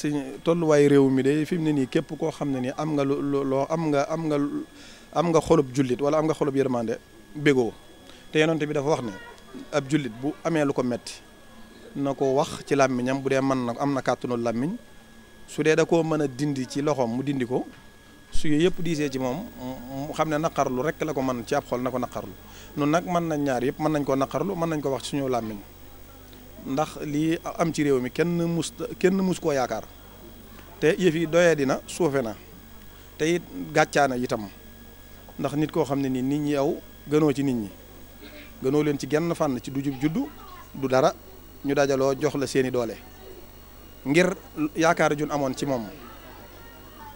si tolluwaay réew mi de fi mu ne nii képp koo xam ne ni am nga lu loo am nga am nga am nga xolub jullit wala am nga xolub yërmande bégoo te yonent bi dafa wax ne ab jullit bu amee lu ko metti na ko wax ci làmmiñam bu dee mën na am na kàttanu làmmiñ su dee da koo mën a dindi ci loxoom mu dindi ko su yooyu yëpp diisee ci moom mu xam ne naqarlu rek la ko mën ci ab xol na ko naqarlu nun nag mën nañ ñaar yëpp mën nañ koo naqarlu mën nañ ko wax ci suñu làmmiñ ndax lii am ci réew mi kenn mus kenn mus koo yaakaar te yëf yi doyee dina suufe na te it gàccaana itam ndax nit koo xam ne nii nit ñi yow gënoo ci nit ñi gënoo leen ci genn fànn ci du jub juddu du dara ñu dajaloo jox la seeni doole ngir yaakaar jun amoon ci moom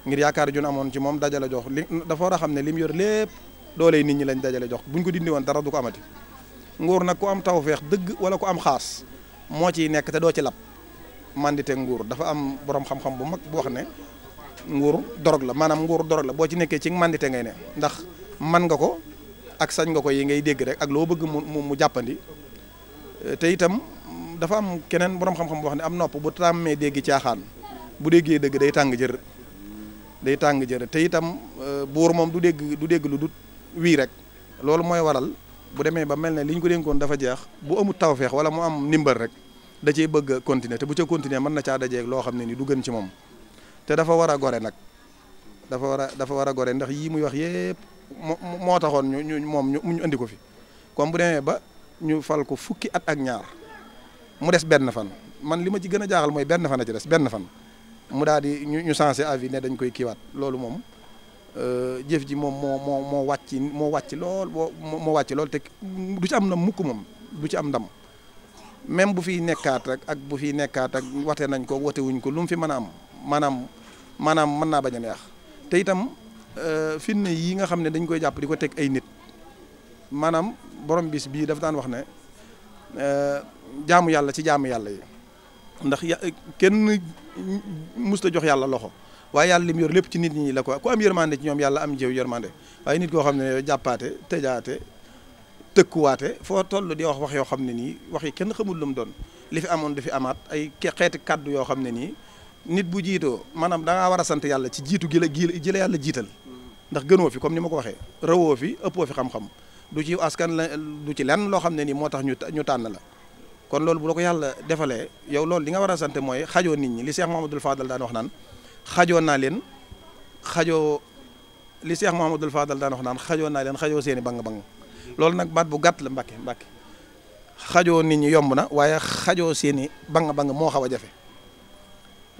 ngir yaakaar jun amoon ci moom dajale jox li dafa war a xam ne li mu yor lépp doole yi nit ñi lañ dajale jox buñ ko dindi woon dara du ko amati nguur nag ku am tawfeex dëgg wala ko am xaas moo ciy nekk te doo ci lab mandité nguur dafa am borom xam-xam bu mag bu wax ne nguur doroog la maanaam nguur dorog la boo ci nekkee ci mandité ngay ne ndax man nga ko ak sañ nga ko yi ngay dégg rek ak loo bëgg mu mu jàppandi te itam dafa am keneen borom xam-xam ne am nopp bu tàmmee dégg caaxaan bu déggee dëgg day tàng jër day tàng jër te itam euh, buur moom du dégg du dégg lu dut wii rek loolu mooy waral bu demee ba mel ne li ko dénkoon dafa jeex bu amul tawfeex wala mu am ndimbal rek da ciy bëgg continuer te bu ca continuer mën na caa dajeeg loo xam ne ni du gën ci moom te dafa war a gore nag dafa war a dafa war a gore ndax yii muy wax yëpp moo taxoon ñu ñu moom ñu andi ko fi comme bu demee ba ñu fal ko fukki at ak ñaar mu des benn fan man li ma ci gën a jaaxal mooy benn fan a ci des benn fan mu daal di ñu ñu changé avis ne dañ koy kiiwaat loolu moom euh, jëf ji moom moo moo moo wàcc moo wàcc lool moo wàcc lool te du ci am na mukk moom du ci am ndam. même bu fiy nekkaat rek ak bu fiy nekkaat ak wate nañ ko wate wuñ ko lu fi manaam a am maanaam maanaam mën naa bañ a neex te itam euh, fitna yi nga xam ne dañ koy jàpp di ko teg ay nit maanaam borom bis bii dafa daan wax ne euh, jaamu yàlla ci jaamu yàlla ndax ya kenn musta jox yàlla loxo waaye yàlla lim yor lépp ci nit ñi la ko ku am yërmande ci ñoom yàlla am jëw yërmande waaye nit koo xam ne jàppaate tëjaate tëkkuwaate foo toll di wax wax yoo xam ne nii wax yi kenn xamul lu mu doon li fi amoon du fi amaat ay xeeti kàddu yoo xam ne nii nit bu jiitoo maanaam da ngaa war a sant yàlla ci jiitu gi la gi la yàlla jiital ndax gënoo fi comme ni ma ko waxee rawoo fi ëppoo fi xam-xam du ci askan la du ci lenn loo xam ne nii moo tax ñu ñu tànn la kon loolu bu la ko yàlla defalee yow loolu li nga war a sant mooy xajoo nit ñi li Cheikh Mouhamadoul Fadal daan wax naan xajoo naa leen xajoo li Cheikh Mouhamadoul Fadal daan wax naan xajoo naa leen xajoo seeni bang-bang loolu nag baat bu gàtt la Mbàkke Mbàkke xajoo nit ñi yomb na waaye xajoo seeni banga banga moo xaw a jafe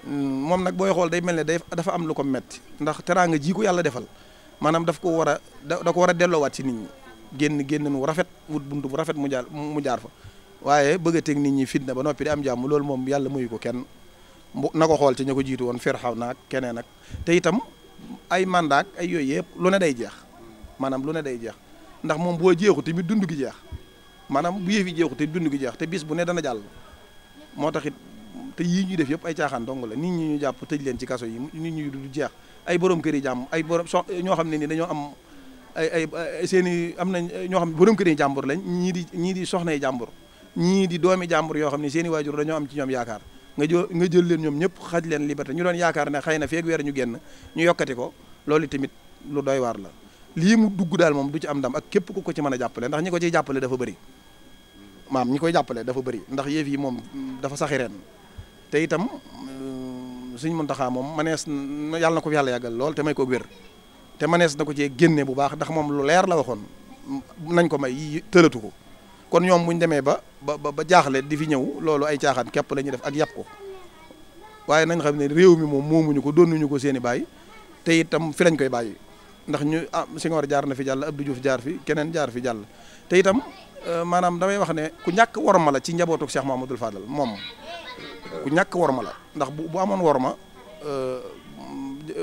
moom nag booy xool day mel ne day dafa am lu ko mett ndax teraanga ji ko yàlla defal maanaam daf ko war a da ko war a delloowaat ci nit ñi génn génn nu rafet wut buntu bu rafet mu jaar mu jaar fa waaye bëgg a teg nit ñi na ba noppi di am jàmm loolu moom yàlla muyu ko kenn bu na ko xool ci ña ko jiitu woon firxaw naag keneen ak te itam ay mandaak ay yooyu yëpp lu ne day jeex maanaam lu day jeex ndax moom boo jeexu tamit dund gi jeex maanaam bu yëf yi jeexu te dund gi jeex te bis bu ne dana jàll moo tax it te yii ñuy def yëpp ay caaxaan dong la nit ñi ñu jàpp tëj leen ci kaso yi nit ñi du jeex ay borom kër yi jàmm ay borom so ñoo xam ne ni dañoo am ay ay seen i am nañ ñoo xam borom kër jàmbur lañ ñii di ñii di soxnay jàmbur ñii di doomi jàmbur yoo xam ne seen waajur dañoo am ci ñoom yaakaar nga jël nga jël leen ñoom ñëpp xaj leen liberté ñu doon yaakaar ne xay na feeg weer ñu génn ñu yokkati ko loolu tamit lu doy waar la lii mu dugg daal moom du ci am ndam ak képp ku ko ci mën a jàppale ndax ñi ko ciy jàppale dafa bëri maam ñi koy jàppale dafa bari ndax yëf yi moom dafa saxi ren te itam euh, suñ Muntaxa moom manees yàlla na ko yàlla yàggal lool te ko wér te manees na ko cee génne bu baax ndax moom lu leer la waxoon nañ ko may yi tëlatu ko kon ñoom bu ñu demee ba ba ba jaaxle di fi ñëw loolu ay caaxaan képp la ñuy def ak yàpp ko waaye nañ xam ne réew mi moom moomuñu ko doonuñu ko seen i baay te itam fi lañ koy bàyyi ndax ñu ah Senghor jaar na fi jàll Abdou Diouf jaar fi keneen jaar fi jàll te itam euh, manaam damay wax ne ku ñàkk worma la ci njabootuk Cheikh Mamadou Fadal moom ku ñàkk worma la ndax bu bu amoon worma euh,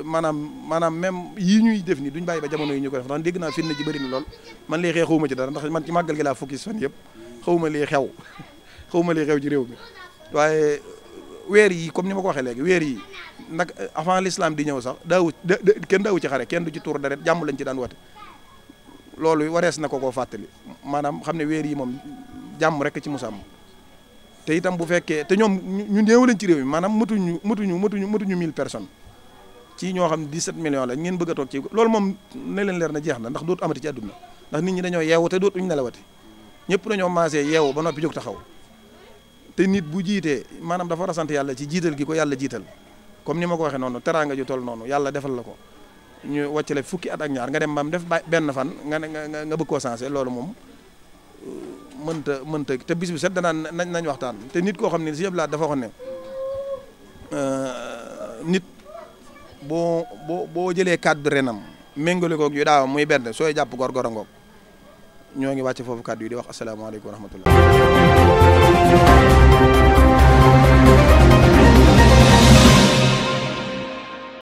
maanaam maanaam même yii ñuy def ni duñ bàyyi ba jamono yi ñu ko def ndax dégg naa fitna ji bëri na lool man léegi xewuma ci dara ndax man ci màggal gi laa focus fan yëpp xawuma lii xew ma lii xew ci réew mi waaye weer yi comme ni ma ko waxee léegi weer yi nag avant l'islam di ñëw sax daawu kenn daawu ci xare kenn du ci tuur deret jàmm lañ ci daan woote loolu warees na ko koo fàttali maanaam xam ne weer yi moom jàmm rek ci musam te itam bu fekkee te ñoom ñu néew lañ ci réew mi maanaam matuñu matuñu matuñu matuñu mille personnes ci ñoo xam 17 millions la ngeen bëgg a toog ci loolu moom leen leer jeex na ndax dootu amati ci àdduna ndax nit ñi dañoo yeewu te dootuñu nelawati ñëpp dañoo maasee yeewu ba noppi jóg taxaw te nit bu jiitee maanaam dafa war a sant yàlla ci jiital gi ko yàlla jiital comme ni ma ko waxee noonu teraanga ju toll noonu yàlla defal la ko ñu wàccale fukki at ak ñaar nga dem bam def benn fan nga nga nga bëgg koo sensé loolu moom euh, mënta mënta te bis bu set danaan nañ nañ waxtaan te nit koo xam ne si yëpp laa dafa waxoon ne euh, nit boo boo boo jëlee cadre renam méngale koog yu daaw muy benn sooy jàpp gor-gor ñoo ngi wàcce foofu kàddu yi di wax asalaamaaleykum wa rahmatullah